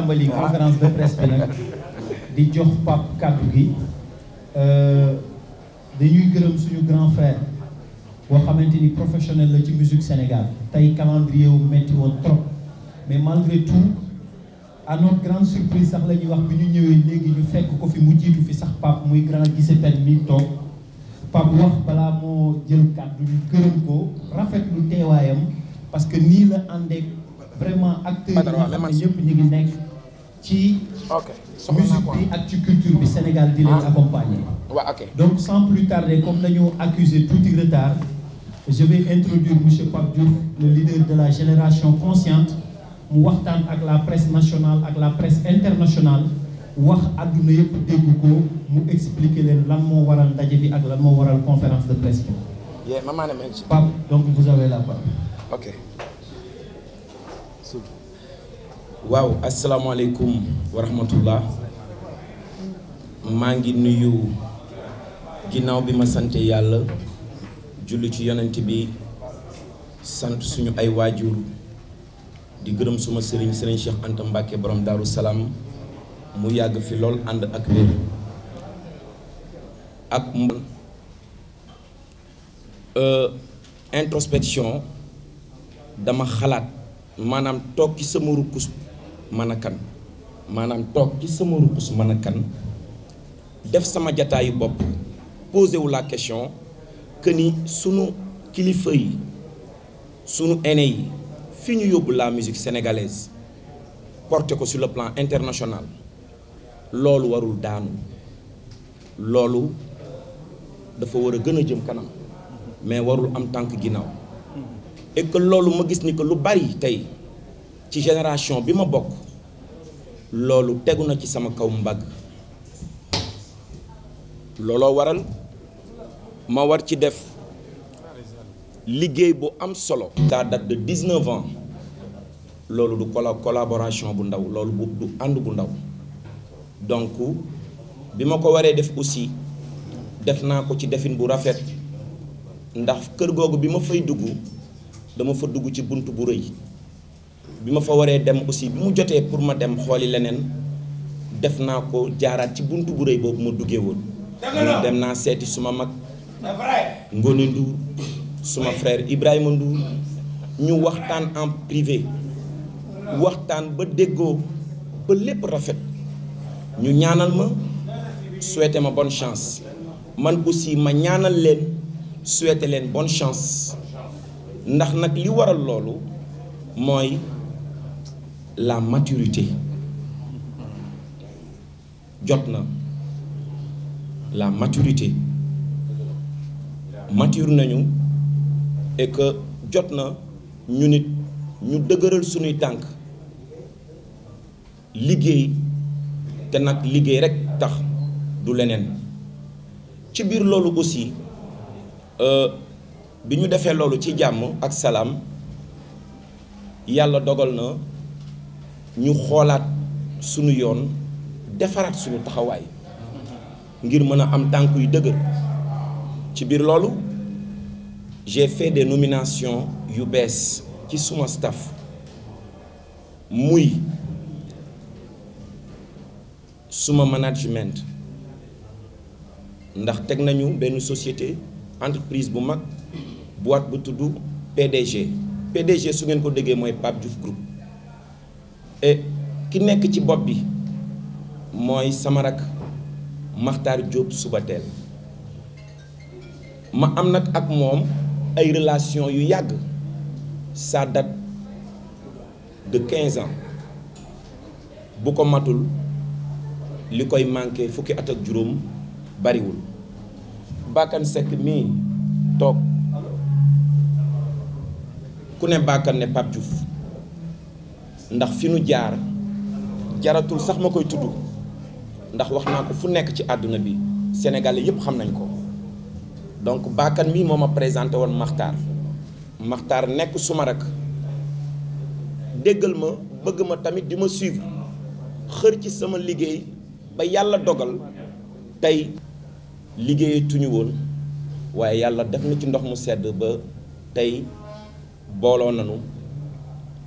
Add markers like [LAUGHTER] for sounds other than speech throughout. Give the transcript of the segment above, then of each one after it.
tàmbali conférence de presse bi nag di jox pap kàddu gi euh, dañuy gërëm suñu grand frère boo xamante ni professionnel la ci musique Sénégal tey calendrier wu metti woon trop mais malgré tout à notre grande surprise sax la ñuy wax bi ñu ñëwee léegi ñu fekk ko fi mu jiitu fi sax pap muy grand gise pen mi toog pap wax balaa moo jël kàddu ñu gërëm ko rafet lu teewaayam parce que nii la àndeek vraiment acteurs yi nga xam ne ñëpp ñu ngi nekk ci musique bi ak ci culture bi Sénégal di leen ah. accompagner donc sans plus tarder comme dañoo accusé tuuti retard je vais introduire monsieur Pape Diouf le leader de la génération consciente mu waxtaan ak la presse nationale ak la presse internationale wax adduna yëpp dégg ko mu expliquer leen lan moo waral ndaje bi ak lan moo waral conférence de presse bi Pape donc vous avez la parole ok waaw asalaamaaleykum wa rahmatullah maa ngi nuyu ginnaaw bi ma sant yàlla julli ci yonent bi sant suñu ay waajur di gërëm suma sëriñ sëriñ Cheikh Anta Mbacke borom Daaru Salaam mu yàgg fi lool ànd ak wér ak euh, introspection dama xalaat maanaam toog ci sama rukkus man a kan maanaam toog ci sama rukus mën a kan def sama jataayu bopp posé wu la question que ni sunu kilifa yi sunu aîné yi fi ñu yóbbu la musique sénégalaise porté ko sur le plan international loolu warul daanu loolu dafa war a gën a jëm kanam mais warul am tànk ginnaaw et loolu ma gis ni ko lu bari tey. ci génération bi ma bokk loolu tegu na ci sama kaw mbag looloo waral ma war ci def liggéey bu am solo. ça date de 19 ans loolu du colla bu ndaw loolu du ànd bu ndaw donc bi ma ko waree def aussi def naa ko ci defin bu rafet ndax kër googu bi ma fay dugg dama fa dugg ci bunt bu rëy. bi ma fa waree dem aussi bi mu jotee pour ma dem xooli leneen def naa ko jaaraat ci bunt bu rëy boobu ma duggee woon dem naa seeti suma mag Ngone Ndour suma frère Ibrahima Ndour ñu waxtaan en privé waxtaan ba déggoo ba lépp rafet ñu ñaanal ma souhaité ma bonne chance man aussi ma ñaanal leen souhaité leen bonne chance ndax nag li waral loolu mooy la maturité jot na la maturité mature nañu et jot na ñu nit ñu dëgëral sunuy tànk liggéey te nag liggéey rek tax du leneen ci biir loolu aussi euh, bi ñu defee loolu ci jàmm ak salaam yàlla dogal na ñu xoolaat sunu yoon defaraat suñu taxawaay ngir mën a am tànk yu dëgër ci biir loolu j'ai fait des nominations yu bees ci suma staff muy suma management ndax teg nañu benn société entreprise bu mag boîte bu tudd PDG PDG su ngeen ko déggee mooy Pape Diouf Group Eh, ki nekk ci bopp bi mooy sama maxtar Makhtar Diop Soubatel ma am nag ak moom ay relation yu yàgg ça de 15 ans bu ko matul li koy manqué fukki at ak juróom bariwul Bakane Seck mii toog ku ne Bakane ne Pape Diouf ndax fi nu jaar jaratul sax ma koy tudd ndax wax naa ko fu nekk ci àdduna bi sénégalais yépp xam nañ ko donc baakan mi moo ma présenté woon Maxtaar maxtar nekk suma rak déggal ma bëgg ma tamit di ma suivre xër ci sama liggéey ba yàlla dogal tey liggéeyatuñu woon waaye yàlla def na ci ndox mu sedd ba tey booloo nanu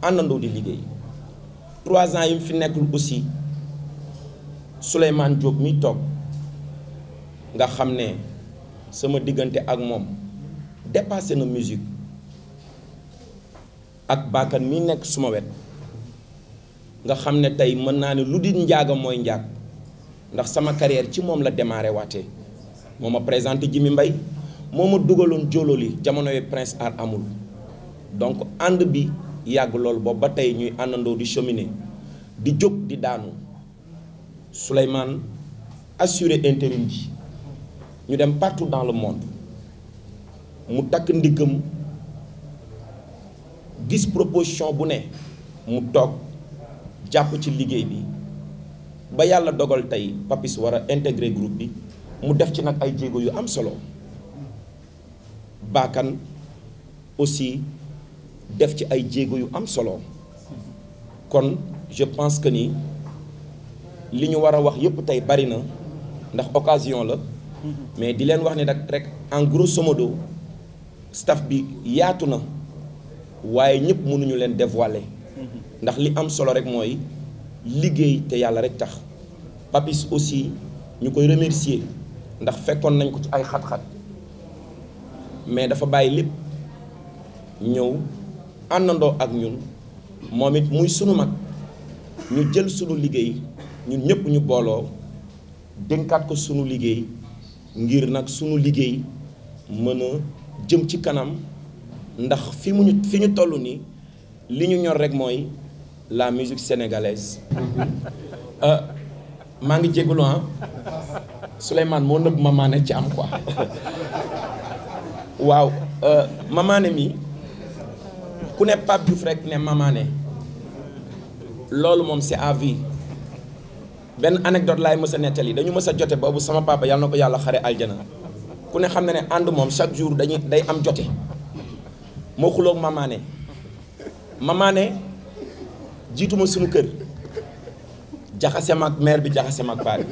àndandoo di liggéey trois ans yi mu fi nekkul aussi Souleymane Diop mi toog nga xam ne sama diggante ak moom dépassé na musique ak baakan mi nekk suma wet nga xam ne tey mën naa ne lu di njaaga mooy njaag ndax sama carrière ci moom la démarré waatee moo ma présenté Jimi mbay moo ma dugaloon jóolóoli jamono yi Prince Art amul donc ànd bi yàgg loolu boobu ba tey ñuy àndandoo di cheminer di jóg di daanu Souleymane assuré intérim ji ñu dem partout dans le monde mu takk ndiggam gis proposition bu ne mu toog jàpp ci liggéey bi ba yàlla dogal tey Papis war a intégré groupe bi mu def ci nag ay jéego yu am solo baakan aussi def ci ay jéego yu am solo kon je pense que ni li ñu war a wax yépp tey bari na ndax occasion la mais di leen wax ni nag rek en grosso modo staff bi yaatu na waaye ñëpp mënuñu leen dévoiler ndax li am solo rek mooy liggéey te yàlla rek tax Papis aussi ñu koy remercier ndax fekkoon nañ ko ci ay xat-xat mais dafa bàyyi lépp ñëw àndandoo ak ñun moom it muy sunu mag ñu jël sunu liggéey ñun ñëpp ñu booloo dénkaat ko sunu liggéey ngir nag sunu liggéey mën a jëm ci kanam ndax fi mu ñu fi ñu toll nii li ñu ñor rek mooy la musique sénégalaise mhm. [LAUGHS] euh, maa ngi jégalu ah Souleymane moo nëbb Mamaane ci am quoi [LAUGHS] waaw euh, Mamaane mi. ku ne Pape Diouf rek ne Mamané loolu moom c'est à vie benn anecdote laay mës a nettali dañu mës a jote boobu sama papa yàlla na ko yàlla xare aljana ku ne xam na ne ànd moom chaque jour dañuy day am jote moo xuloog mamaane Mamané jiituma suñu kër jaxase ma ak bi jaxase ma ak paa bi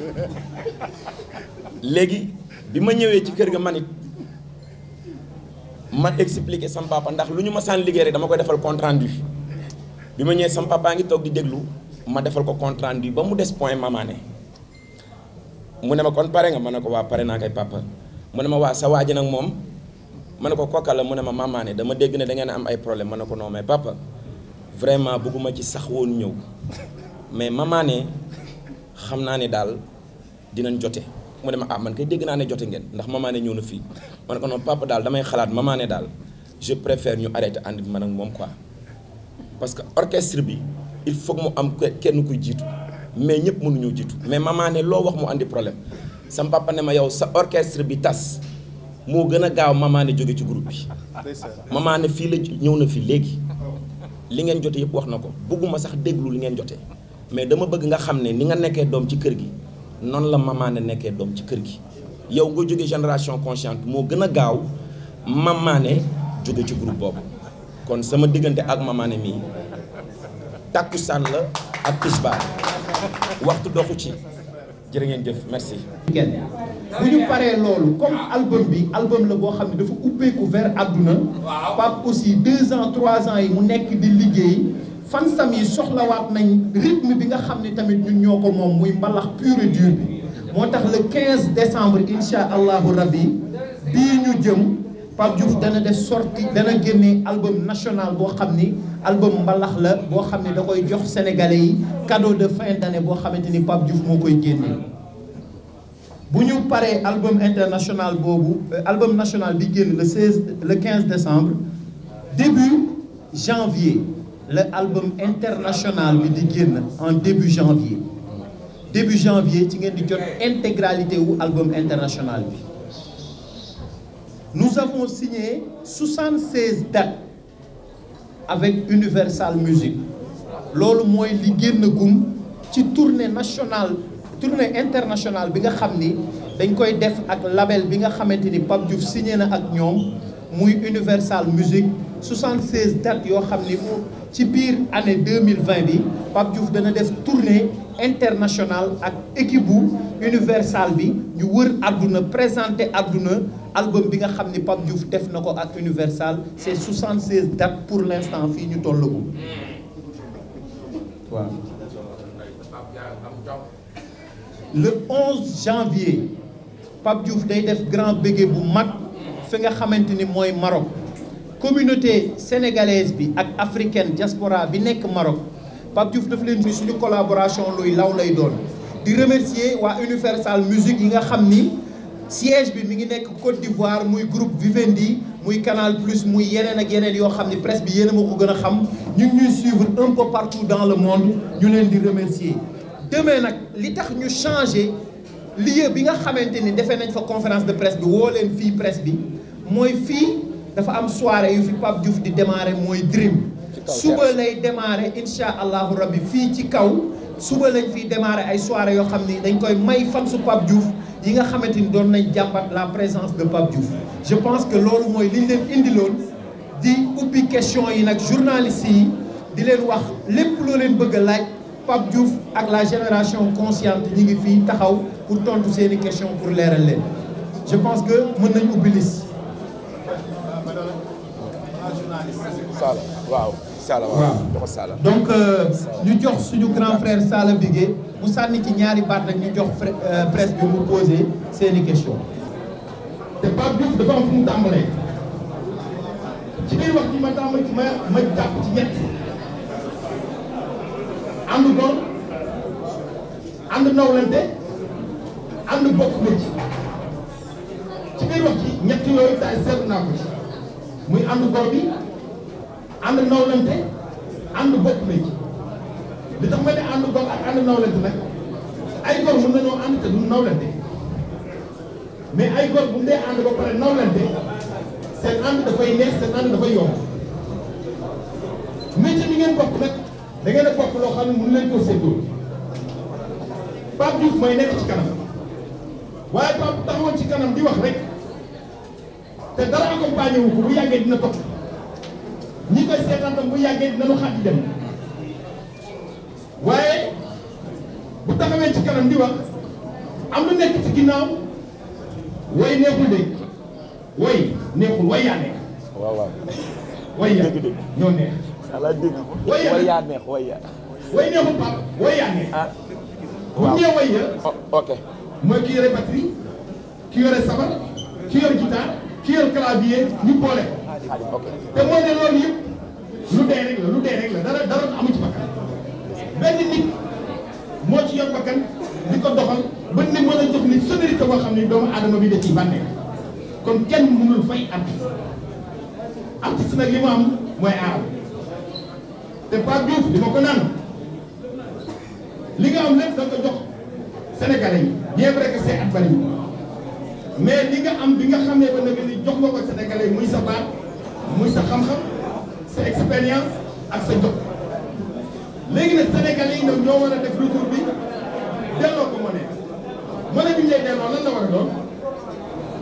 léegi bi ma ñëwee ci kër ga manit ma expliqué sama ndax lu ñu ma saan liggéey rek dama koy defal compte rendu bi ma ñëwee sama papa ngi toog di déglu ma defal ko compte rendu ba mu des point mamaane mu ne ma kon pare nga man ne ko waa pare naa kay papa mu ne ma waa sa waa ji nag moom ma ne ko kokka mu ne ma mamaane dama dégg ne da ngeen am ay problème man ne ko non mais papa vraiment bëgguma ci sax woon ñëw mais mamaane xam naa ne daal dinañ jote mu ne ma ah man kay dégg naa ne jote ngeen ndax maman ñëw na fii ma ne ko non papa daal damay xalaat maman daal je préfère ñu arrêté ànd bi man ak moom ko parce que orchestre bi il faut mu am kenn kuy jiitu mais ñëpp ñëw jiitu mais maman loo wax mu andi problème sam papa ne ma yow sa orchestre bi tas moo gën a gaaw maman jóge ci groupe bi maman ne fii la ñëw na fii léegi li ngeen jote yëpp wax na ko bëgguma sax déglu li ngeen jote mais dama bëgg nga xam ne ni nga nekkee doom ci kër gi noonu la mamaane nekkee doom ci kër gi yow nga jóge génération consciente moo gën a gaaw mamaane jóge ci groupe boobu kon sama diggante ak mamaane mii tàkkusaan la ak tisbaar waxtu doxu ci jërë ngeen jëf merci. kenn ñu paree loolu comme album bi album la boo xam ne dafa ubbeeku vers àdduna. waaw Pape aussi deux trois ans yi mu nekk di liggéey. fansam yi soxlawaat nañ rythme bi nga xam ni tamit ñun ñoo ko moom muy mbalax pur et bi moo tax le 15 décembre insha allahu rabbi bii ñu jëm Pape Diouf dana def sortie dana génne album national boo xam ni album mbalax la boo xam ne da koy jox sénégalais yi cadeau de fin d'année boo xamante ni Pape Diouf moo koy génne bu ñu paree album international boobu euh, album national bi génn le 16 le 15 décembre début janvier le album international bi di génn en début janvier début janvier ci ngeen di jot intégralité wu album international bi nous avons signé 76 dates avec Universal Music loolu mooy li génn gum ci tournée nationale tournée internationale bi nga xam ni dañ koy def ak label bi nga xamante ni Pape Diouf signé na ak ñoom muy Universal Music 76 dates yoo xam ni ci biir année deux mille vingt bi Pape Diouf dana def tournée internationale ak équipe bu Universal bi ñu wër àdduna présenter àdduna album bi nga xam ni Pape Diouf def na ko ak Universal c'est soixante seize dates pour l'instant fii ñu tollagu waaw le 11 janvier Pape Diouf day def grand bégué bu mag fi nga xamante ni mooy Maroc communauté sénégalaise bi ak africaine diaspora bi nekk Maroc Pape Diouf daf leen di suñu collaboration luy law lay doon di remercier waa Universal Music yi nga xam ni siège bi mi ngi nekk Côte d'Ivoire muy groupe Vivendi muy Canal Plus muy yeneen ak yeneen yoo xam ni presse bi yéen a ma ko gën a xam ñu ngi ñuy suivre un peu partout dans le monde ñu leen di remercier. demee nag li tax ñu changé lieu bi nga xamante ni defee nañ fa conférence de presse bi woo leen fii presse bi fii. dafa am soirée yu fi Pape Diouf di démarrer mooy Dream suba lay démarrer insha allahu rabbi fii ci kaw suba lañ fiy démarrer ay soirée yoo xam ni dañ koy may fan su Pape Diouf yi nga xamante ni doon nañ jàmbat la présence de Pape Diouf je pense que loolu mooy liñ leen indiloon di ubbi question yi nag journalistes yi di leen wax lépp loo leen bëgg a laaj Pape Diouf ak la génération consciente ñi ngi fii taxaw pour tontu seeni question pour leeral leen je pense que mën nañ ubbi liste Sala waaw Sala donc euh, ñu jox suñu grand frère Sala Bigué mu sànni ci ñaari baat nag ñu jox euh, presse bi mu posé seeni question te Pape Diouf dafa am fu mu tàmbalee ci biir wax ji ma tàmm ma ma jàpp ci ñett ànd góor ànd nawlante ànd bokk métti muy ànd góor bi ànd nawlante ànd bokk nañ ci li tax ma ne ànd gor ak ànd nawlante nag ay gor mën nañoo ànd te du nawlante mais ay gor bu ñu dee ànd ba pare nawlante seen ànd dafay neex seen ànd dafay yomb métier bi ngeen bokk nag da ngeen a bokk loo xam ne mënu leen koo séddoo Pape Diouf mooy nekk ci kanam waaye Pape taxawoon ci kanam di wax rek te dara accompagné wu ko bu yàggee dina topp. ñi koy seetaan tam bu yàggee dinañu xaaj di dem waaye bu taxawee ci kanam di wax am lu nekk ci ginnaaw way neexul de way neexul way yaa neex. waaw waaw. way yaa ñoo neex. ala dégg way yaa neex way yaa. way neexul Pape way yaa neex. ah waaw ok mooy ki yore batterie ki yore sabar ki yore guitare ki yore clavier ñu boole te mooy ne loolu yëpp lu dee rek la lu dee rek la dara dara amu ci bakkan benn nit moo ci yor bakkan di ko doxal ba ni mën a jox nit sonorité boo xam ne doomu aadama bi da ciy bànneex kon kenn mënul fay artiste artiste nag li mu am mooy aar te Pape Diouf di ma ko naan li nga am lépp da nga jox sénégalais yi bien vrai que c'est at bari mais am ni jox nga ko sénégalais yi muy sa baat muy sa xam-xam sa expérience ak sa jot léegi nag sénégalais yi ñoom ñoo war a def retour bi delloo ko monnaie monnaie bi ñu lay delloo lan la war a doon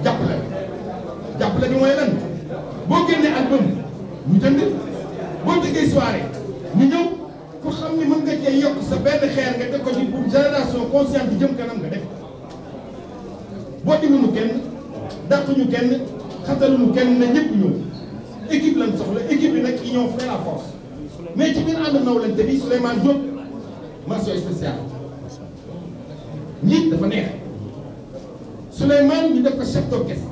jàppale jàppale bi mooy lan boo génnee album ñu jënd boo déggee soirée ñu ñëw ku xam ni mën nga cee yokk sa benn xeer nga teg ko ci pour génération consciente bi jëm kanam nga def boo diwuñu kenn dàquñu kenn xataluñu kenn na ñëpp ñëw. équipe lañ soxla équipe bi nag union fait la force mais ci biir ànd nawlante bi Souleymane Diop mention spéciale njiit dafa neex Souleymane ñu def ko chef d'orchestre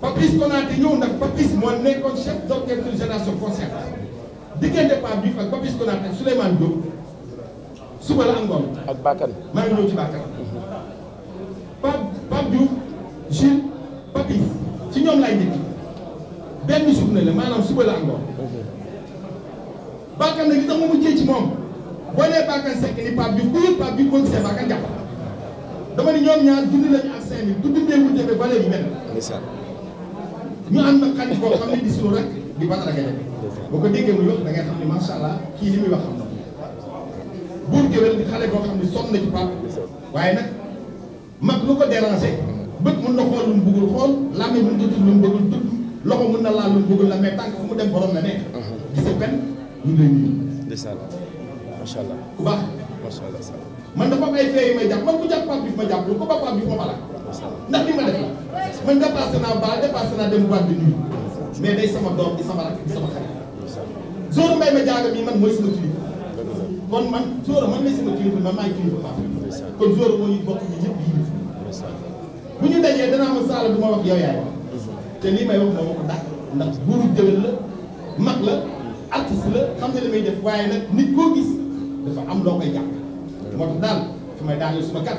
Papis Konaté ñëw ndax Papis moo nekkoon chef d'orchestre génération concert diggante Pape Diouf ak Papis Konaté ak Souleymane suba la angoon ak Bakar maa ngi ñëw ci Bakar Pape Pape Papis ci ñoom laay nekk benn journée la maanaam suba la encore Bakar li tax ma mujjee ci moom boo nee Bakar Seck ni Pape Diouf ku yëg Pape Diouf boo gisee Bakar jàpp dama ni ñoom ñaar junni lañu ak cinq mille du dundee mu jëfe ba léegi mel ni am nag xarit boo xam di sunu rek di Badara Gaye boo ko déggee muy wax da ngay xam ne macha allah kii li muy wax na buur géwél xale boo xam ne sonn na ci Pape waaye nag mag lu ko déranger bët mën na xool lu mu bëggul xool làmmiñ mën na tudd lu mu bëggul loxo mën na laal lu bëgg la mais tànk fu mu dem borom na nekk. di sa benn ñu ngi lay nuyu. ndeysaan macha allah. ku baax. macha allah man dafa am fee yu may jàpp man ku jàpp Pape Diouf ma jàpp lu ko Pape Diouf ma bala. ndax li ma def la. man dépassé naa ba dépassé naa dem boîte de nuit mais day sama doom di sama rakk di sama xarit. Zoro Mbaye ma jaaga bii man mooy kon man Zoro man may sama kilifa man maay ñu bokk ñu bu ñu dajee danaa ma saala bu ma wax yow te lii may wax moo ko dàq ndax buuru jëwal la mag la artiste la xam ne li may def waaye nag nit koo gis dafa am loo koy jàpp moo tax daal fi may daal suma kat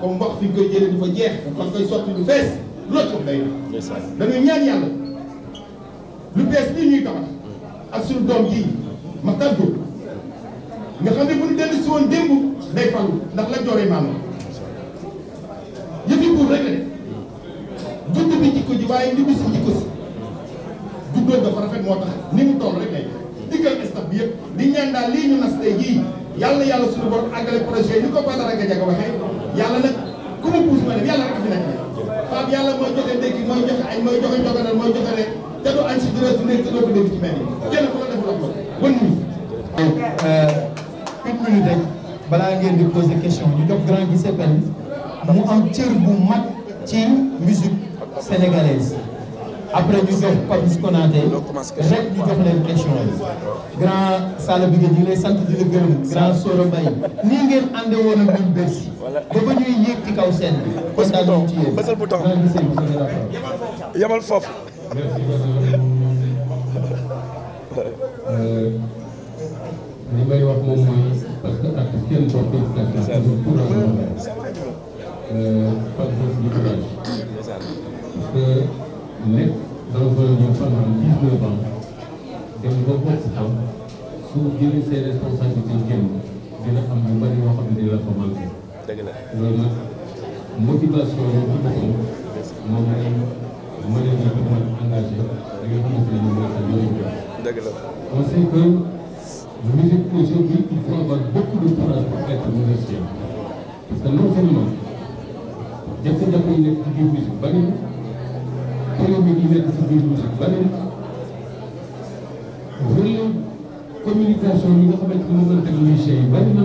comme wax fi nga koy jëlee du fa jeex kon koy sotti lu bees loo ci day dañuy ñaan yàlla lu bees lii ñuy tabax ak suñu doom jii ma tàggu nga xam ne bu ñu dellu si woon démb day falu ndax la jooree maam la buur rek la jënd bi jikko ji waaye li mu si jikko si juddoon dafa rafet moo tax ni mu toll rek lay dikkal staf bi yëpp di ñaan daal lii ñu nas tey yàlla yàlla suñu borom àggale projet yi ni ko Badara Gadiaga waxee yàlla nag ku mu puus ma def yàlla rek fi nekk Pape yàlla mooy joxe ndékki mooy joxe añ mooy joxe njoganal mooy joxe rek te du añ si durée du nekk te doo ko dégg ci mel ni kenn ku la def loxo bon nuyu. une minute balaa ngeen di poser question ñu jox grand bi s'appelle sénégalaise après ñu jox Papis Konaté rek ñu jox leen question yi grand Sala bi ñu ngi lay sant di la gërëm grand Soro Mbaye nii ngeen ànde woon ak ñun Bercy ba ba ñuy yéeg ci kaw seen bi kontaan nañ ci yéen bësal bouton yamal foofu euh, li may wax moom mooy parce que ak kenn bopp yi parce que pour am parce que que nekk dans un lieu pendant dix-neuf ans dem ba bokk xam su jëlee ses responsabilités génn dina am lu bari yoo xam ne dina la ko manqué. dëgg la loolu nag motivation yi ci boppam moom lay mën a ñëw mën a engagé da nga xamante ne moom mooy sa njëriñ la. que musique aujourd'hui il faut avoir beaucoup yi nekk ci biir musique bari téeméer yi nekk ci biir musique beneen volet communication yi nga xamante ni moom la teg musiciens yi bari na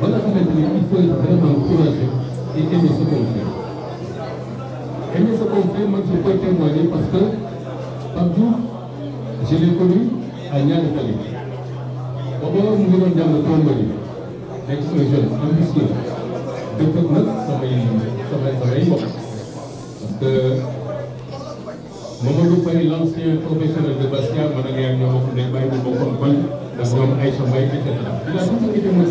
ba nga xamante ni il faut être vraiment courageux et aimer ce qu'on fait. aimer ce qu'on fait man su koy témoigner parce que Pape Diouf je l'ai connu à ñaari tali booba mu ngi doon jàng trombone yi nekk un jeune ambitieux dëkk nag samay samay samay mbokk parce que. Mamadou Faye l'ancien professionnel de Bastia man ak yaay ñoo bokk ndey bàyyi bu bokkoon bañ ak ñoom Aïcha Mbaye et cetera. dinaa fi ñu demoon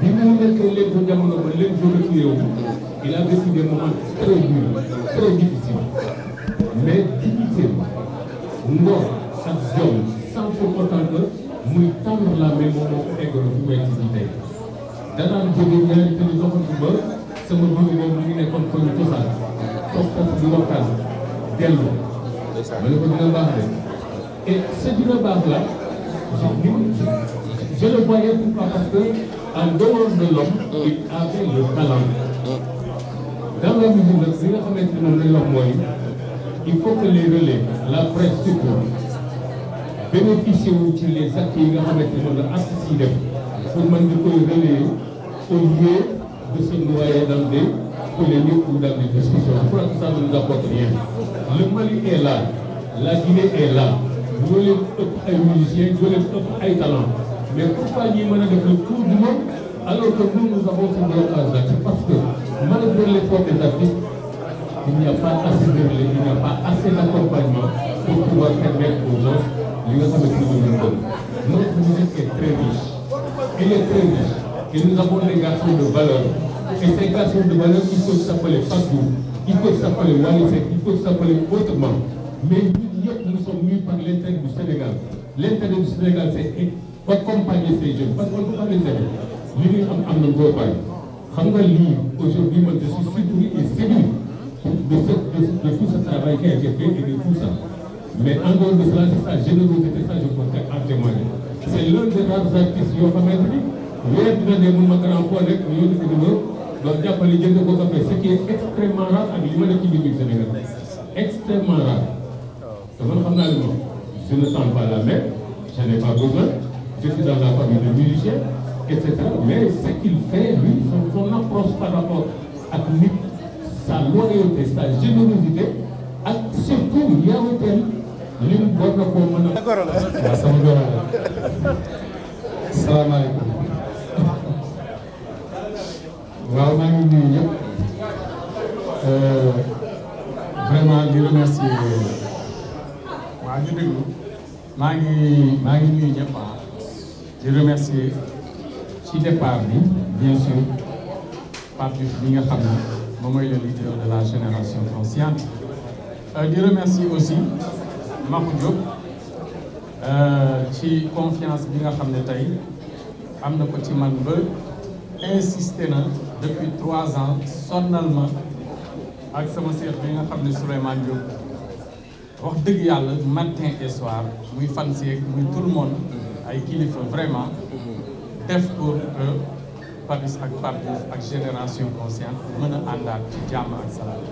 bi mu nekkee léegi ba jamono ba léegi ba retiré wu il a vécu des moments très durs très difficiles mais dignité ngor ak jom sans pour autant que muy tendre la main moom moo ko eggalu fi may gis tey danaan jóge ñaari tëdd doxantu ba sama bëgg boobu mu ngi nekkoon koy cosaan toog foofu di waxtaan delloo ma ne ko dina baax de et ce dina baax la je le voyais pourquoi parce que en dehors de l'homme mm. il avait le talent dans la musique nag nga xamante ne moom la mooy il faut que les la presse surtout bénéficier wu ci les actes yi nga xamante ne moom la artistes yi def pour mën di koy relayer au lieu de se noyer dans des polémiques ou dans des discussions je crois que ça ne nous apporte rien le Mali est là la Guinée est là ñoo leen ëpp ay musiciens ñoo leen ëpp ay talent mais pourquoi ñuy mën a def le tour du monde alors que nous nous avons ce blocage là c'est parce que malgré l'effort des artistes il n'y a pas assez de relais il n'y a pas assez d'accompagnement pour pouvoir permettre aux gens li nga xamante ni moom lañ notre musique est très riche elle est très riche et nous avons des garçons de valeur et ces garçons de valeur il faut s'appeler partout il peut s'appeler Wally Seck il peut s'appeler autrement mais ñun ñëpp nous sommes mus par l'intérêt du Sénégal l'intérêt du Sénégal c'est accompagner ces jeunes parce que on peut pas les aider li ñuy am am na ngoo bàyyi xam nga lii aujourd'hui man je suis surpris et séduit de ce de tout ce travail a été de tout ça mais sa générosité ça je peux en témoigner c'est l'un des rares yoo xamante ni weer dina ne mun ma grand fois rek ñoo def donc jàppale jënd ko café ce qui est extrêmement rare ak mi Sénégal extrêmement rare te man xam naa li ma je ne sens pas la mer je n'ai pas besoin je suis dans la famille de musiciens et cetera mais ce qu'il fait lui son, son approche ak nit sa loyauté sa générosité ak surtout na koo mën a. waaw sama góor la. [LAUGHS] salaamaaleykum. waaw maa ngi nuyu ñëpp euh, vraiment di remercier waa maa ngi maa ngi nuyu ñëpp ah. di remercier ci départ bi bien sûr Pape bi nga xam ne moom mooy le de la génération consciente euh, di remercier aussi Makhou Diop euh, ci confiance bi nga xam ne tey am na ko ci man ba insisté na depuis trois ans sonnal ak sama seex bi nga xam ne Souleymane Diop wax dëgg yàlla matin et soir muy fan seeg muy tout le monde ay kilifa vraiment def euh, pour que ak Pape ak génération consciente mën a àndaat ci jàmm ak salaam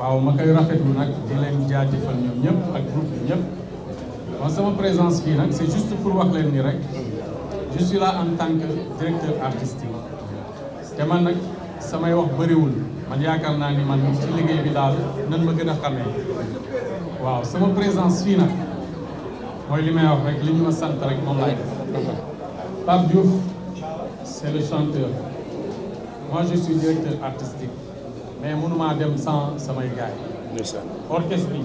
waaw ma koy rafetlu nag di leen jaajëfal ñoom ñëpp ak groupe bi ñëpp bon sama présence fii nag c'est juste pour wax leen nii rek je suis là en tant directeur artistique te man nag samay wax bëriwul man yaakaar naa ni man ci liggéey bi daal nan ma gën a xamee waaw sama présence fii nag mooy li may wax rek li ñu ma sant rek moom laay def Pape Diouf c'est le chanteur moi je directeur artistique mais mënumaa dem sans samay gars yi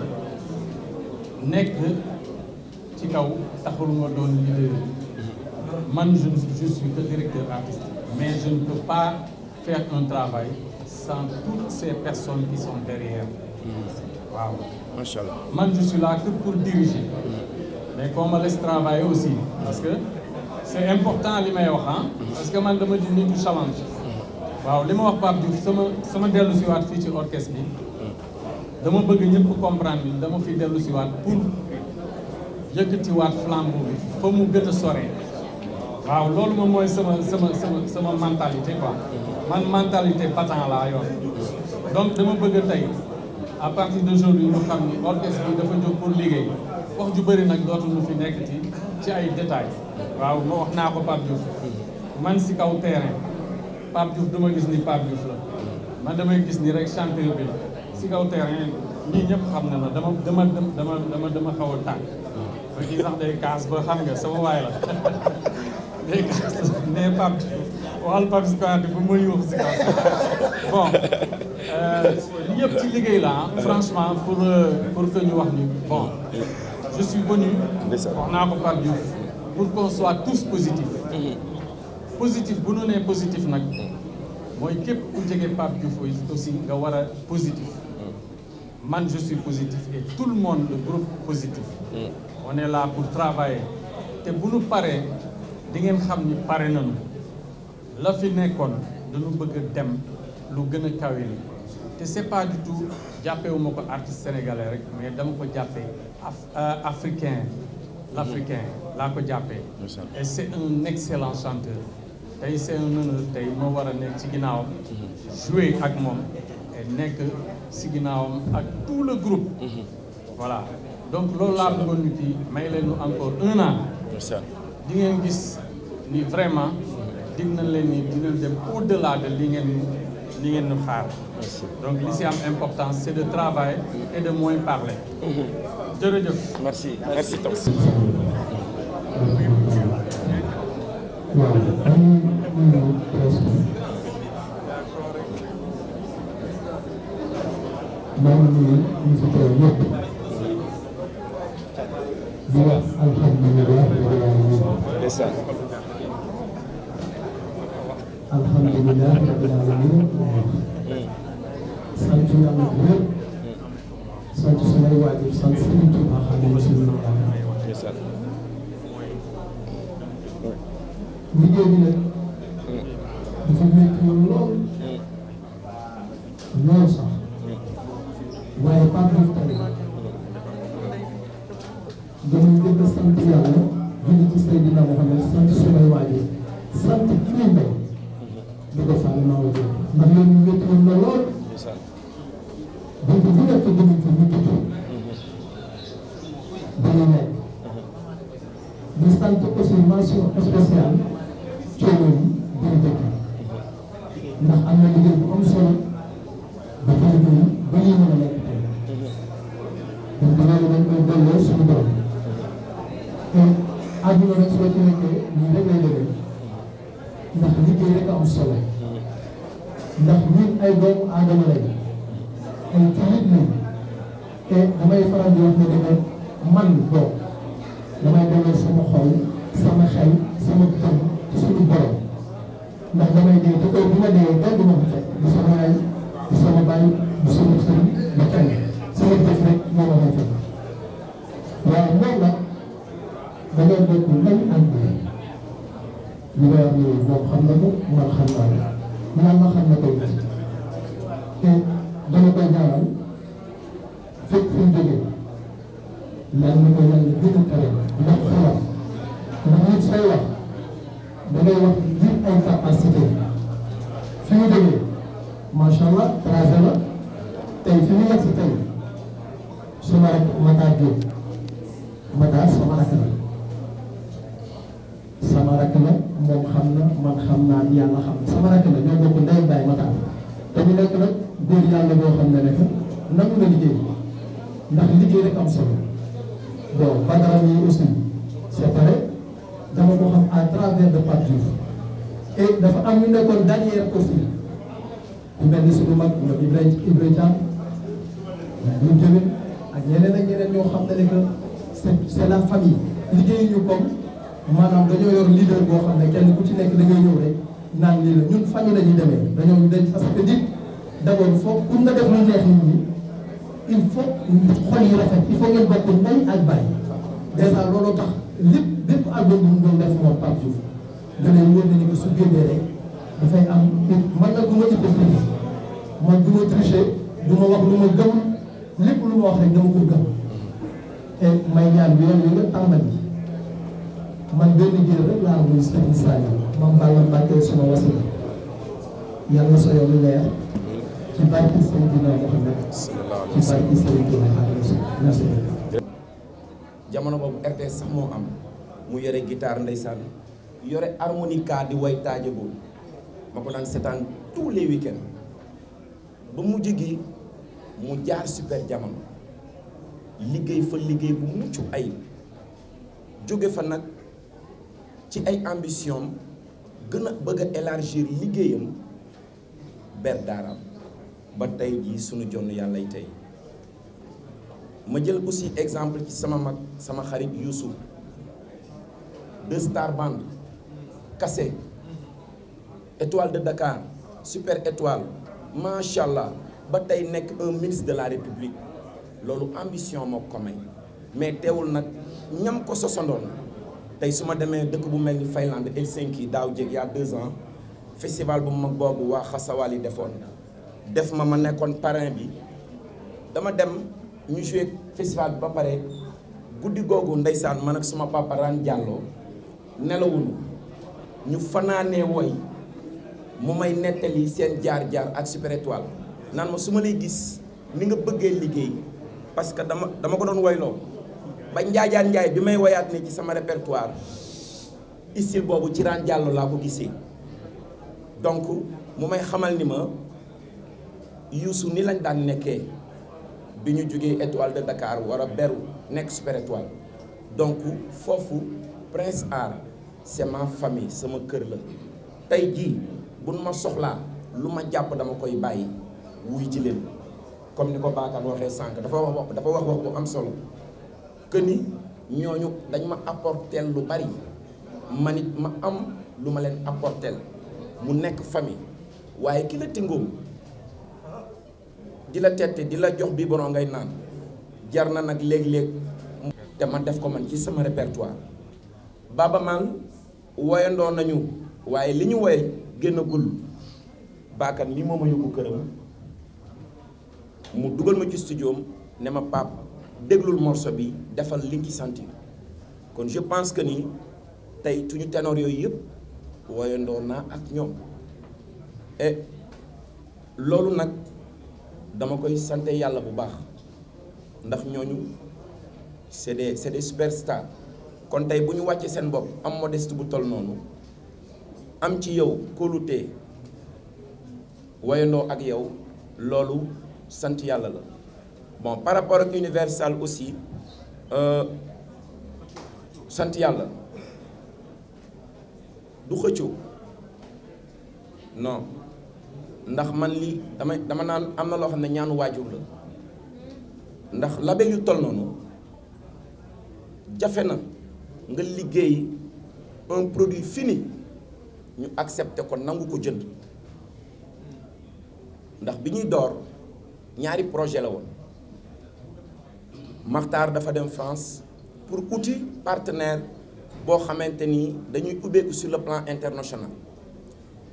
nekk ci kaw taxul ma doon leader man je je suis que directeur artistique mais je ne peux pas faire un travail sans toutes ces personnes qui sont derrière. waaw. macha allah man je suis là pour diriger. mais qu'on me laisse travailler aussi. parce que c' est important li may wax ah. parce que man dama di nitu challenge. waaw li ma wax Pape Diouf sama sama dellu si waat fii ci orchestre bi. dama bëgg ñëpp comprendre ni dama fi dellu si waat pour yëkkati waat flambeau bi fa mu gën a soree. waaw loolu moom mooy sama sama sama sama mentalité quoi man mentalité battant laa yor donc dama bëgg tey à partir d'aujourd'hui ñu xam ni orchestre bi dafa jóg pour liggéey wax ju bëri nag dootuñu fi nekk ci ci ay détails waaw ma wax naa ko Pape Diouf man si kaw terrain Pape Diouf duma gis ni Pape Diouf la man damay gis ni rek chanteur bi la si kaw terrain ñii ñëpp xam na ma dama dama dama dama dama xaw a tànk ba kii sax day kaas ba xam nga waay la [LAUGHS] les partis waxal parti square bi ma yuux si kaw bon euh, yëpp ci liggéey la ah, franchement pour euh, pour que ñu wax ni bon je suis venu wax naa ko Pape Diouf pour qu'on tous positifs mm-hmm. positif bu ñu nee positif nag mooy képp ku jege Pape Diouf aussi nga war positif mm-hmm. man je suis positif et tout le monde le groupe positif mm-hmm. on est pour travailler te bu ñu paree di ngeen xam ni pare nañu la fi nekkoon dañu bëgg dem lu gën a kawe li te c'est du tout jàppewuma ko artiste sénégalais rek mais dama ko jàppee euh, africain l'africain laa ko jàppe et c'est un excellent chanteur tey c'est un tey moo war a nekk ci ginnaawam jouer ak moom nekk ci ginnaawam ak tout le groupe mhm. voilà donc loolu laa bëggoon nit yi may leen encore un an di ngeen gis ni vraiment dig nañ leen ni dina dem au de li ngeen li ngeen ñu xaar. donc li si am importance de travailler et de moins parler. Mhm. ndeysaan alhamdulilah rabbil alamin mm. xanaa dinañ koy delloo suñu borom te àdduna nag soo ci nekkee nii rek lay demee ndax liggéey rek am solo ndax ñun ay doomu aadama lañ ay jullit lañ te damay faral di wax ne dama man doom damay delloo sama xol sama xel sama tam ci suñu borom ndax damay dee te koy bu ma dee kenn du ma ko fekk du sama yaay du sama baay du sama sëriñ du kenn sama jëf rek moo ma fekk yooyu moom xam na ko man xam naa ko yàlla xam na ko dernière aussi ku mel ni suñu mag ñoom Ibrahima Ibrahima Thiam ñu jëwin ak ñeneen ak ñeneen ñoo xam ne que c'est c'est la famille liggéey ñu comme maanaam dañoo yor leader boo xam ne kenn ku ci nekk da ngay ñëw rek naan lii la ñun famille la ñuy demee dañoo dañ parce que nit d'abord foofu pour nga def lu neex nit ñi il faut xol yi rafet il faut ngeen bokk ndey ak baay dèjà looloo tax lépp bépp album bu mu doon def moom Pape Diouf da lay wóor ne ni que su génnee rek dafay am man nag du ma hypocrite man ma wax lu ma gëm lépp lu ma wax rek dama ko gëm te may ñaan bi yoon yi nga tàmbali man benn jël rek laa muy Serigne Saliou man Balla Mbacké suma wasila yàlla soo yow lu leer ci barki Seydina Mouhamed ci barki Seydina merci jamono boobu RTS sax moo am mu yore guitare ndeysaan yore harmonica di way taaje boobu ma ko daan seetaan tous les week ba mu gi mu jaar super jamono liggéey fa liggéey bu mucc ay jóge fa nag ci ay ambition gën a bëgg a élargir liggéeyam ber daaraam ba tey jii sunu jonn yàllay tey ma jël aussi exemple ci sama mag sama xarit Youssouf deux star band kase étoile de Dakar super étoile macha allah ba tey nekk un ministre de la république loolu ambition moo ko may mais teewul nag ñam ko sosandoon tey su ma demee dëkk bu mel ni Finlande Helsinki daaw jéeg y'a deux ans festival bu mag boobu waa xasawaal yi defoon def ma ma nekkoon parrain bi dama dem ñu joué festival bi ba pare guddi googu ndeysaan man ak suma papa Rane Diallo nelawuñu ñu fanaanee woy mu may nettali seen jaar-jaar ak Super Étoile naan ma su ma lay gis ni nga bëggee liggéey parce que dama dama ko doon woyloo ba njaajaar njaay bi may woyaat ne ci sama répertoire style boobu ci raan jàll laa ko gisee donc mu may xamal ni ma Youssou ni lañ daan nekkee bi ñu jógee Étoile de Dakar war a beru nekk Super Étoile donc foofu Prince Art c'est famille sama kër la tey jii buñ ma soxlaa lu ma jàpp dama koy bàyyi wuy ci leen comme ni ko Bakar waxee sànq dafa wax dafa wax wax bu am solo que ni ñooñu dañ ma apporter lu bari man it ma am lu ma leen apporter mu nekk famille waaye ki la tingoom di la tette di la jox biberon ngay naan jar na nag léeg-léeg te ma def ko man ci sama répertoire Baba Maal woyandoon nañu waaye li ñu woye génnagul baakan mi moom a yóbbu këram mu dugal ma ci joom ne ma pap déglul morso bi defal li ci kon je pense que ni tey suñu tenoor yooyu yëpp woyandoon naa ak ñoom e loolu nag dama koy sante yàlla bu baax ndax ñooñu c'est des c'est des superstars kon tey bu ñu wàccee seen bopp am modeste bu toll noonu am ci yow kóolute wayandoo ak yow loolu sant yàlla la bon par rapport ak Universal aussi euh, sant yàlla du xëccoo non ndax man lii dama dama naan am na loo xam ne ñaanu waajur la ndax label yu noonu jafe na nga liggéey un produit fini ñu accepté ko nangu ko jënd ndax bi ñuy door ñaari projet la woon Maxtaar dafa dem France pour outil partenaire boo xamante ni dañuy ubbeeku sur le plan international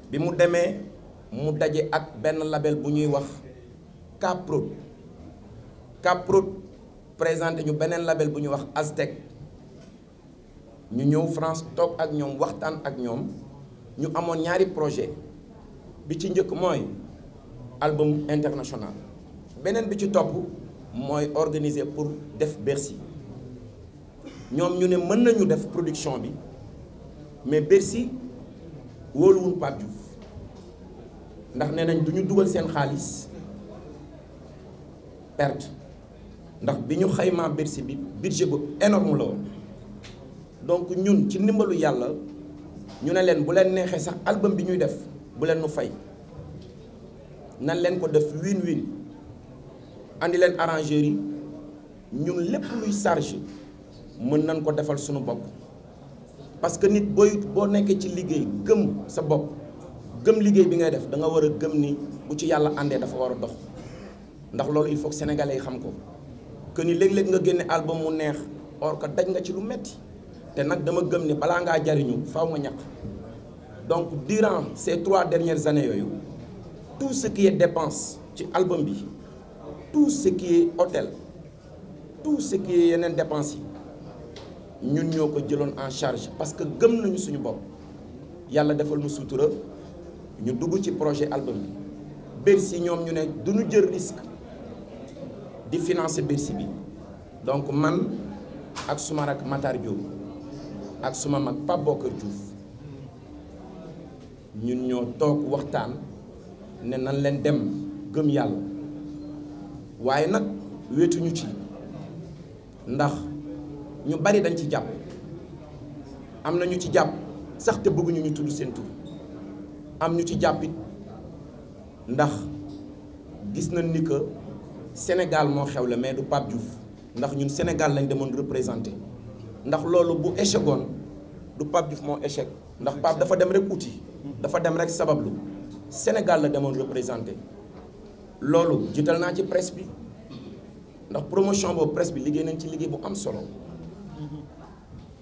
bi mu demee mu daje ak benn label bu ñuy wax Caprod Caprod présenter ñu beneen label bu ñuy wax Aztec ñu ñëw France toog ak ñoom waxtaan ak ñoom ñu amoon ñaari projet bi ci njëkk mooy album international beneen bi ci topp mooy organiser pour def Bercy ñoom ñu ne mën nañu def production bi mais Bercy wóoluwul Pape ndax nee nañ du dugal seen xaalis perte ndax bi ñu xaymaa Bercy bi budget bu énorme donc ñun ci ndimbalu yàlla ñu ne leen bu leen neexee sax album bi ñuy def bu leen nu fay nan leen ko def win win andi leen arrangeur yi ñun lépp luy charge mën nañ ko defal suñu bopp parce que nit booy boo nekkee ci liggéey gëm sa bopp gëm liggéey bi ngay def da nga war a gëm ni bu ci yàlla àndee dafa war a dox ndax loolu il faut que sénégalais yi xam ko que ni léegi léeg nga génne album mu neex or que daj nga ci lu metti te nag dama gëm ni balaa ngaa jariñu faw nga ñàkk donc durant ces trois dernières années yooyu tout ce qui dépense ci album bi tout ce qui est hôtel tout yeneen dépense yi ñun ñoo ko jëloon en charge parce que gëm nañu suñu bopp yàlla defal mu sutura ñu dugg ci projet album bi Bercy ñoom ñu ne duñu ñu jël risque di financer Bercy bi donc man ak suma rak Matar ak suma mag Pape Bokar Diouf ñun ñoo toog waxtaan ne nan leen dem gëm yàlla waaye nag wéetuñu ci ndax ñu bari dañ ci jàpp am na ñu ci jàpp sax te bëgguñu ñu tudd seen tur am ñu ci jàppit ndax gis nañ ni que Sénégal moo xew la mais du Pape Diouf ndax ñun Sénégal lañ demoon représenté ndax loolu bu échegoon du Pape Diouf moo échec ndax Pape dafa dem rek uti dafa dem rek sabablu Sénégal la demoon représenté loolu jiital naa ci presse bi ndax promotion boobu presse bi liggéey nañ ci liggéey bu am solo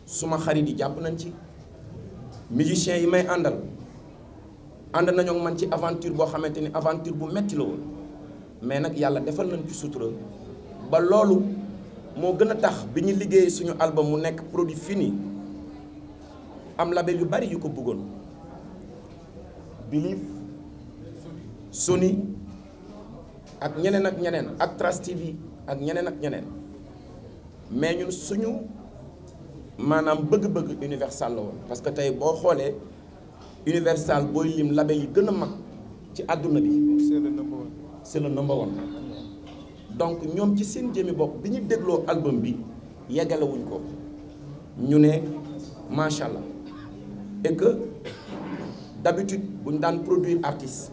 suma xarit yi jàpp nañ ci musiciens yi may àndal ànd nañoo man ci avanture boo xamante ni aventure bu metti la woon mais nag yàlla defal nañ ci sutura ba loolu moo gën a tax bi ñu liggéey suñu album mu nekk produit fi nii am label yu bari yu ko bëggoon Believe Sony ak ñeneen ak ñeneen ak Trace TV ak ñeneen ak ñeneen mais ñun suñu maanaam bëgg-bëgg universal la woon parce que tey boo xoolee universal booy lim label yi gën a mag ci àdduna bi c'est le number one donc ñoom ci seen jëmi bopp bi ñu dégloo album bi yeggalewuñ ko ñu ne macha allah et que d'habitude bu ñu daan produire artiste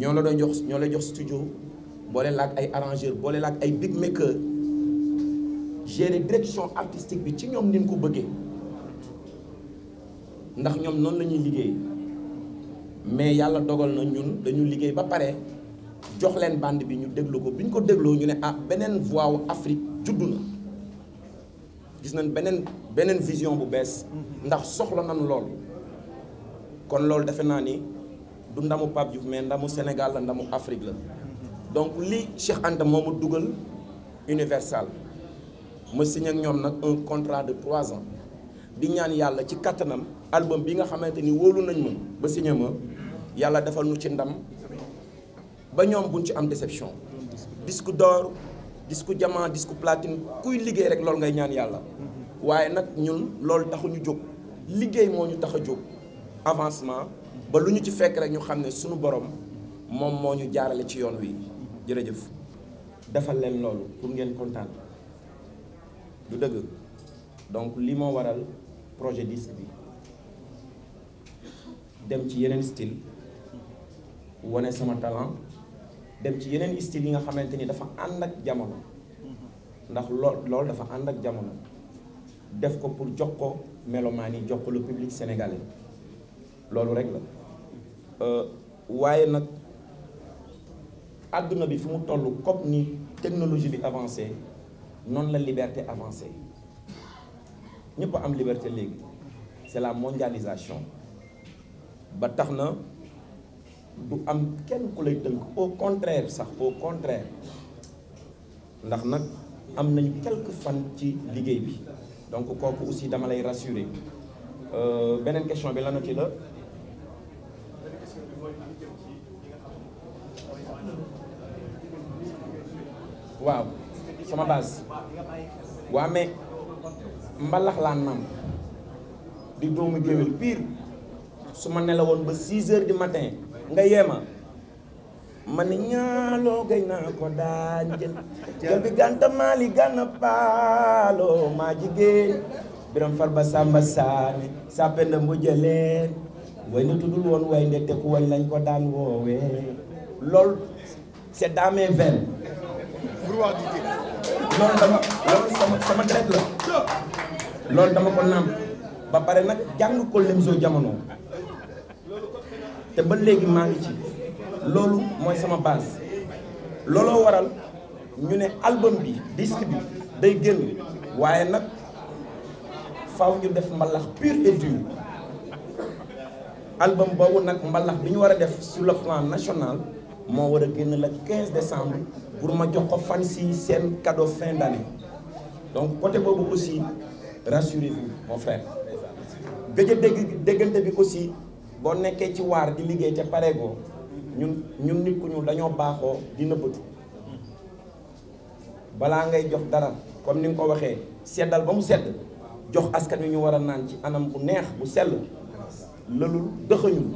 ñoo la doon jox ñoo la jox studio boole la ak ay arrangeur boole la ak ay big maker gérer direction artistique bi ci ñoom ni ko bëggee ndax ñoom noonu lañuy liggéey mais yàlla dogal na ñun dañu liggéey ba pare jox leen bande bi ñu déglu ko bi ñu ko dégloo ñu ne ah beneen voix wu Afrique juddu na gis nañ beneen. beneen vision bu bees ndax soxla nañu lool kon loolu defe naa ni du ndamu Pape Diouf mais ndamu Sénégal la ndamu Afrique la donc li Cheikh moo moomu dugal Universal ma signé ak ñoom nag un contrat de trois ans di ñaan yàlla ci kattanam album bi nga xamante ni wóolu nañ ma ba signé ma yàlla defal nu ci ndam ba ñoom buñ ci am déception disque d'or disque diamant disque platine kuy liggéey rek loolu ngay ñaan yàlla waaye nag ñun loolu taxuñu jóg liggéey moo ñu tax a jóg avancement ba lu ñu ci fekk rek ñu xam ne suñu borom moom moo ñu jaarale ci yoon wi jërëjëf defal leen loolu pour ngeen kontaan du dëgg donc li moo waral projet disque bi dem ci yeneen style wane sama talent dem ci yeneen style yi nga xamante ni dafa ànd ak jamono ndax lool loolu dafa ànd ak jamono def ko pour jox ko melomaan yi jox ko le public sénégalais loolu rek la euh, waaye nag àdduna bi fi mu toll comme ni technologie bi avancé noonu la liberté avancé ñëpp am liberté léegi c'est la mondialisation ba tax na du am kenn ku lay tënk au contraire sax au contraire ndax nag am nañu quelque fan ci liggéey bi donc kooku aussi dama lay rassurer euh, beneen question bi la ci la. waaw sama base waaw mais mbalax laa nam di doomu géwél pire su ma nelawoon ba 6 heures du matin nga yeema man ni ñaaloo gay naa ko daanjël jël bi ganta maali gànna paaloo maa jigéen biram farba sàmba saane sàppenda mbujjaleen way na tuddul woon way nde te ku way lañ ko daan woowee lool c'est dans mes dama loolu sama sama deret la loolu dama ko nàmp ba pare nag jàng ko Lemzo Diamono te ba léegi maa ngi ci loolu mooy sama base looloo waral ñu ne album bi disque bi day génn waaye nag faaw ñu def mbalax pur et dur album boobu nag mbalax bi ñu war a def sur le plan national moo war a génn le 15 décembre pour ma jox ko fan si seen cadeau fin d'année donc côté boobu aussi rassurez-vous mon frère gëj a dégg bi aussi boo nekkee ci waar di liggéey ca pareegoo ñun ñun nit ku ñuul dañoo baaxoo di nëbbatu balaa ngay jox dara kon ni nga ko waxee seddal ba mu sedd jox askan wi ñu war a naan ci anam bu neex bu sell lëlul dëxëñul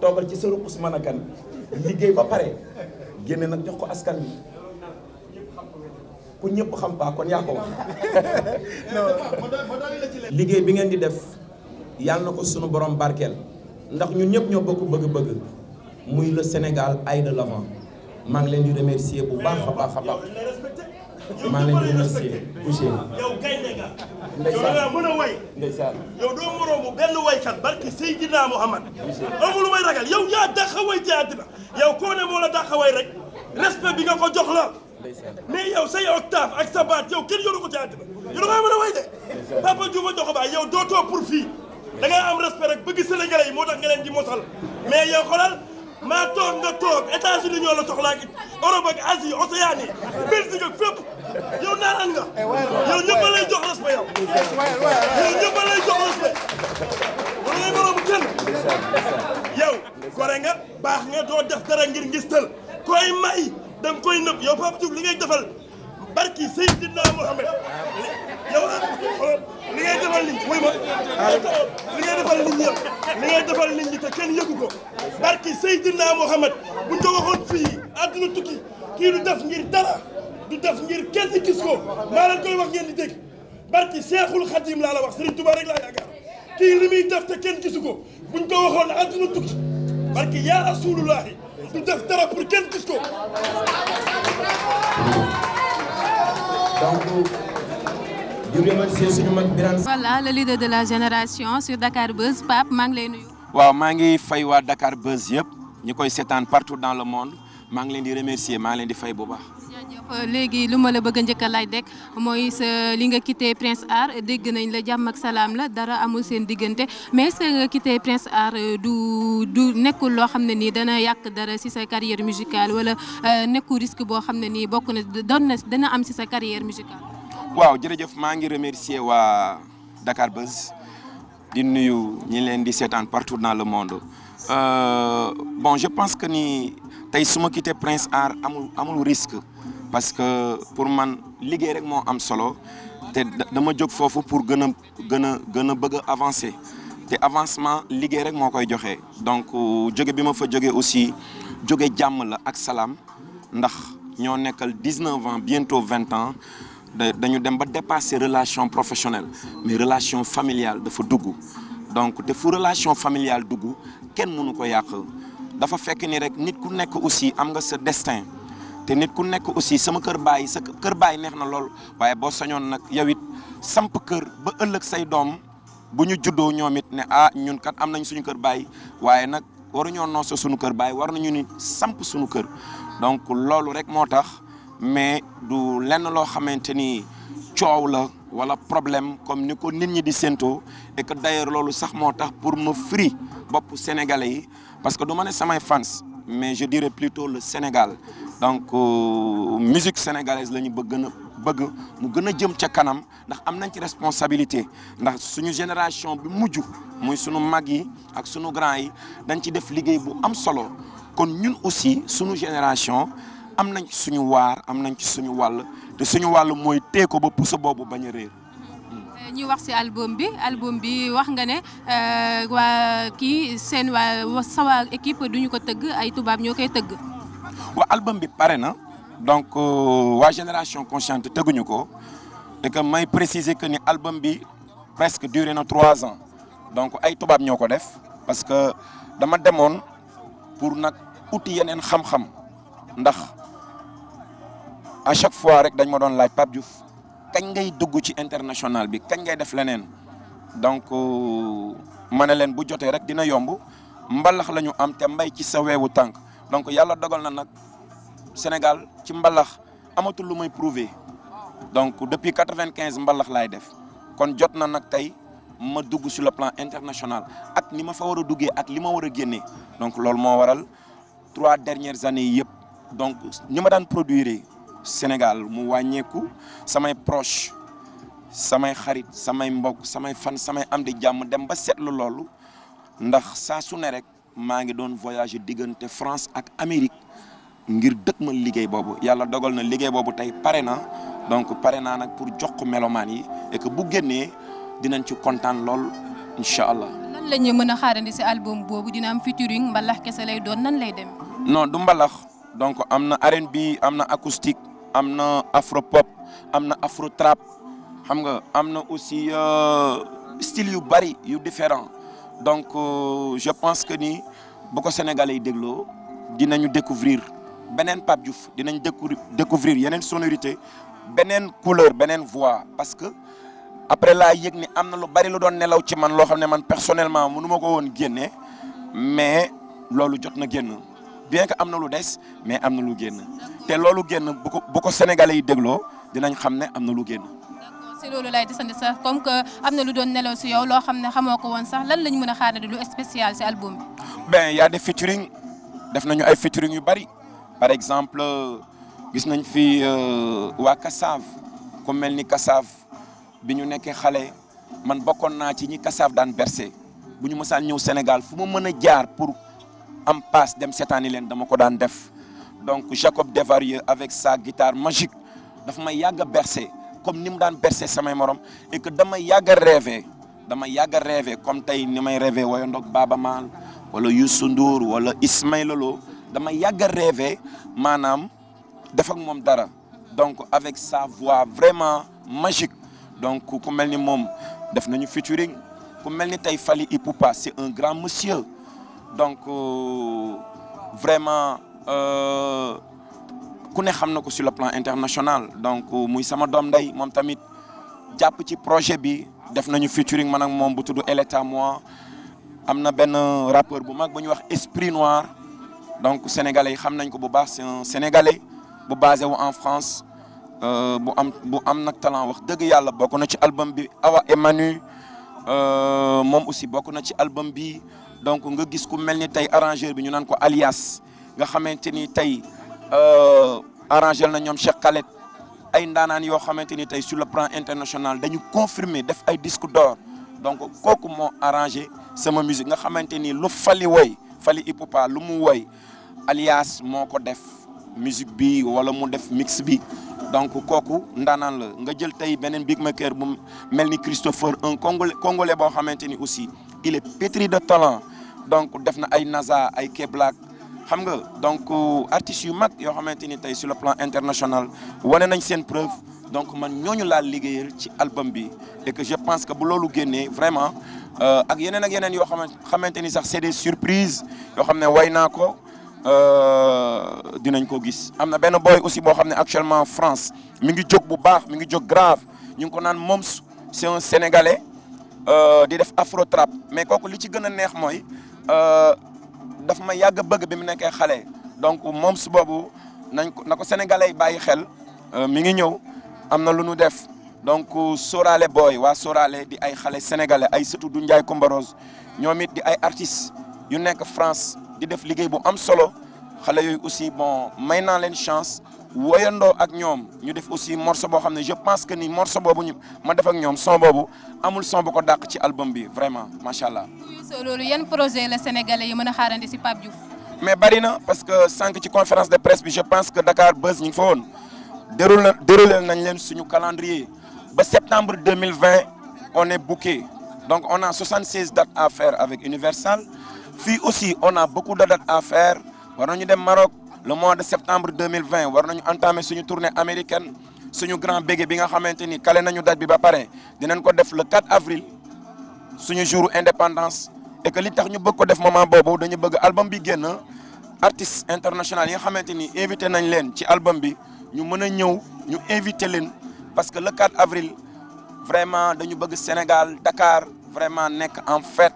toogal ci sa ruq a Akane liggéey ba pare génne nag jox ko askan wi ku ñëpp xam paa kon yaa ko wax [LAUGHS] liggéey bi ngeen di def yàlla na ko sunu borom barkeel ndax ñun ñëpp ñoo bokk bëgg-bëgg muy le Sénégal aille de l'avant maa ngi leen di remercier bu baax a baax a baax maa ngi leen a way. ndeysaan yow doo moroomu waykat barki Seydina Mouhamad. amul lu may ragal yow yaa dàqa way ci àddina yow koo ne moo la dàqa way rek respect bi nga ko jox la. mais yow say octave ak sa baat yow kenn yoru ko ci àddina yow da ngaa mën a way fii da am respect rek bëgg Sénégalais yi moo tax nga leen di mosal mais yow xoolal. maa toog nga toog États-Unis ñoo la soxlaa ak Europe ak Asie Océanie Belgique ak fépp yow naaraan nga. Eh, yow ñëpp jox respect yow. yow ñëpp a lay jox respect. wala ngay moromu yow gore baax nga doo def dara ngir ngistal koy may danga koy nëb yow Pape Diouf li ngay defal. barki Seydina Mohamed yow li ngay defal li li ngay defal yëgu ko barki Seydina Mohamed buñ ko fii àdduna tukki kii du def ngir dara du def ngir kenn gis ko maa leen koy wax ngeen di dégg barki Seexul Xadim laa la wax Serigne Touba rek laa yaakaar kii li muy def te kenn ko buñ ko waxoon tukki barki yaa rasulullahi du def dara pour kenn gis ko donc di remercier suñu voilà le leader de la génération sur Dakar Buzz Pape maa ngi lay nuyu. waaw maa ngi fay waa Dakar Buzz yëpp ñi koy seetaan partout dans le monde maa ngi leen di remercier maa ngi leen di fay bu baax. léegi lu ma la bëgg a njëkk a laaj rek mooy sa li nga quitté Prince Art dégg nañ la jàmm ak salaam la dara amul seen diggante mais sa nga quitté Prince Art du du nekkul loo xam ne nii dana yàq dara si sa carrière musicale wala euh, nekkul risque boo xam ne nii bokk na doon dana am si sa carrière musicale. waaw jërëjëf maa ngi remercier waa Dakar Buzz di nuyu ñi leen di seetaan partout dans le monde euh, bon je pense que nii tey su ma quitté Prince Art amul amul risque. parce que pour man liggéey rek moo am solo te dama jóg foofu pour gën a gën a gën a bëgg a avancer te avancement liggéey rek moo koy joxe donc euh, jóge bi ma fa jóge aussi jóge jàmm la ak salaam ndax ñoo nekkal 19 ans bientôt 20 ans dañu dem ba dépasser relation professionnelle mais relation familiale dafa dugg donc te fu relation familiale dugg kenn munu ko yàq dafa fekk ni rek nit ku nekk aussi am nga sa destin te nit ku nekk aussi sama kër baay sa kër baay neex na lool waaye boo sañoon nag yow it samp kër ba ëllëg say doom bu ñu juddoo ñoom it ne ah ñun kat am nañ suñu kër baay waaye nag waruñoo noosoo suñu kër baay war nañu ni samp suñu kër donc loolu rek moo tax mais du lenn loo xamante ni coow la wala problème comme ni ko nit ñi di séentoo et que loolu sax moo tax pour ma fri boppu sénégalais yi parce que du ma ne samay fans mais je dirais plutôt le Sénégal donc euh, musique sénégalaise la ñu bëgg a bëgg mu gën a jëm ca kanam ndax am nañ ci responsabilité ndax suñu génération bi mujj muy suñu mag yi ak suñu grand yi dañ ci def liggéey bu am solo kon ñun aussi suñu génération am nañ suñu waar am nañ ci suñu wàll te suñu wàll mooy tee ko ba puso boobu bañ a réer euh, ñuy wax si album bi album bi wax nga ne euh, waa kii seen waa sa waa équipe duñu ko tëgg ay tubaab ñoo koy tëgg waa album bi pare na donc euh, waa génération consciente tëgguñu ko te que préciser que ni album bi presque duré na trois ans donc ay tubaab ñoo ko def parce que dama demoon pour nag uti yeneen xam-xam ndax à chaque fois rek dañ ma doon laaj Pape jouf kañ ngay dugg ci international bi kañ ngay def leneen donc euh, ma ne leen bu jotee rek dina yomb mbalax la ñu am te mbay ci sa weewu tànk donc yàlla dogal na nag Sénégal ci mbalax amatul lu may prouver donc depuis quatre-vingt-quinze mbalax laay def kon jot na nag tey ma dugg sur le plan international ak ni ma fa war a duggee ak li ma war a génnee donc loolu moo waral trois dernières années yëpp donc ñi ma daan produire Sénégal mu wàññeeku samay proche samay xarit samay mbokk samay fan samay am di jàmm dem ba seetlu loolu ndax saa su rek. maa ngi doon voyage diggante France ak Amérique ngir dëkk ma liggéey boobu yàlla dogal na liggéey boobu tey pare na donc pare naa nag pour jox ko melomaan yi et bu génnee dinañ ci kontaan lool incha allah. lan la ñuy mën a xaarandi si album boobu dina am featuring mbalax kese lay doon nan lay dem. non du mbalax donc am na R&B am na acoustique am na afro pop am na afro trap xam nga am na aussi euh, style yu bari yu différent donc euh, je pense que ni bu ko Sénégalais yi dégloo dinañu découvrir beneen Pape Diouf dinañ découvrir yeneen sonorité beneen couleur beneen voix parce que après la yëg ni am na lu bari lu doon nelaw ci man loo xam ne man personnellement mënu ma ko woon génne mais loolu jot na génn bien que am na lu des mais am na lu génn te loolu génn bu ko bu ko Sénégalais yi dégloo dinañ xam ne am na lu génn si loolu lay desandi sax comme que am na lu doon nelaw si yow loo xam ne xamoo ko woon sax lan lañ mën a xaarandi lu spécial si album bi. yaa y a des def nañu ay featuring yu bari par exemple gis nañ fi euh, waa Kassav ko mel ni Kassav bi ñu nekkee xale man bokkoon naa ci ñi Kassav daan bercé bu ñu mësaan ñëw Sénégal fu ma mën a jaar pour am passe dem seetaani leen dama ko daan def donc Jacob Devarieux avec sa guitare magique dafa may yàgg a bercé comme ni mu daan bercé samay morom que dama yàgg a rêvé dama yàgg a tey ni may rêvé woyandoog Baaba Maal wala Youssou Ndour wala Ismaïla Lo dama maanaam def ak moom dara donc avec sa voix vraiment magique donc ku mel ni moom def nañu featuring ku mel ni tey Fally Ipupa c'est un grand monsieur donc euh, vraiment. Euh, ku ne xam na ko sur le plan international donc euh, muy sama doom ndey moom tamit jàpp ci projet bi def nañu featuring man ak moom bu tudd Elle moi am na benn rapport bu mag bu ñuy wax Esprit Noir donc sénégalais yi xam nañ ko bu baax c'est un bu basé wu en France euh, bu am bu am nag talent wax dëgg yàlla bokk na ci album bi Awa Emmanuel euh, moom aussi bokk na ci album bi donc nga gis ku mel ni tey arrangeur bi ñu naan ko alias nga xamante ni tey. Euh, arrangé na ñoom Cheikh Khaled ay ndaanaan yoo xamante ni tey sur le plan international dañu confirmer def ay disque d'or donc kooku moo arrangé sama musique nga xamante ni lu fali woy fali Ipupa lu mu woy alias moo ko def musique bi wala mu def mix bi donc kooku ndaanaan la nga jël tey beneen big maker bu mel ni Christopher un congolais congolais boo xamante ni aussi il est pétri de talent donc def na ay Naza ay Keblak xam nga donc artistes yu mag yoo xamante ni tey sur le plan international wane nañ seen preuve donc man ñooñu laal liggéeyal ci album bi e que je pense que bu loolu génne vraiment euh, ak yeneen ak yeneen yoo xamante ni sax c'est des surprises yoo xam ne way naa ko euh, dinañ ko gis. am na benn boy aussi boo xam ne actuellement France mi ngi jóg bu baax mi ngi jóg grave ñu ngi ko naan Moms c'est un sénégalais euh, di def afro trap mais kooku li ci gën a neex mooy. daf ma yàgg bëgg bi mu nekkee xale donc moom su boobu nañ ko na ko yi bàyyi xel euh, mi ngi ñëw am na lu nu def donc Sorale booy waa Sorale di ay xale sénégalais ay surtout du Ndiaye Combarose ñoom it di ay artistes yu nekk France di def liggéey bu am solo xale yooyu aussi bon may naa leen chance. woyandoo ak ñoom ñu def aussi morceau boo xam ne je pense que ni morceau boobu ñu ma def ak ñoom son boobu amul son bu ko dàq ci album bi vraiment macha allah. so loolu yan projet la sénégalais yi mën xaarandi si Pape Diouf. mais bari na parce que sànq ci conférence de presse bi je pense que Dakar Buzz ñu ngi fa woon déroulé déroulé nañ leen suñu calendrier ba septembre 2020 on est booké donc on a 76 dates à faire avec Universal fii aussi on a beaucoup de dates à faire war nañu dem Maroc. le mois de septembre 2020 war nañu entamer suñu tournée américaine suñu grand bége bi nga xamante ni kale nañu date bi ba pare dinañ ko def le 4 avril suñu jour indépendance et li tax ñu bëgg ko def moment boobu dañu bëgg album bi génn artistes internationaux yi nga xamante ni invité nañ leen ci album bi ñu mën a ñëw ñu invité leen parce que le 4 avril vraiment dañu bëgg Sénégal Dakar vraiment nekk en fête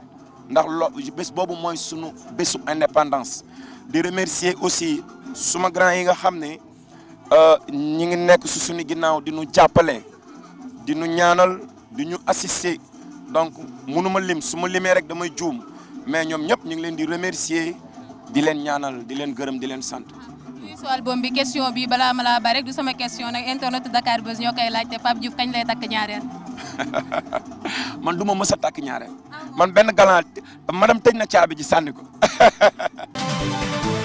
ndax lo bés boobu mooy sunu bésu indépendance di remercier aussi suma grand yi nga xam ne euh, ñi ngi nekk su suñu ginnaaw di ñu jàppale di ñu ñaanal di ñu assister donc mënuma lim su ma limee rek damay juum mais ñoom ñëpp ñu ngi leen di remercier di leen ñaanal di leen gërëm di leen sant. su album bi question bi balaa ma laa ba sama question nag internet Dakar Buzz koy laajte Pape Diouf lay takk ñaareel. [LAUGHS] man du ma mës a takk ñaareel. man benn galant madame tëj na caabi ji sànni ko. [LAUGHS]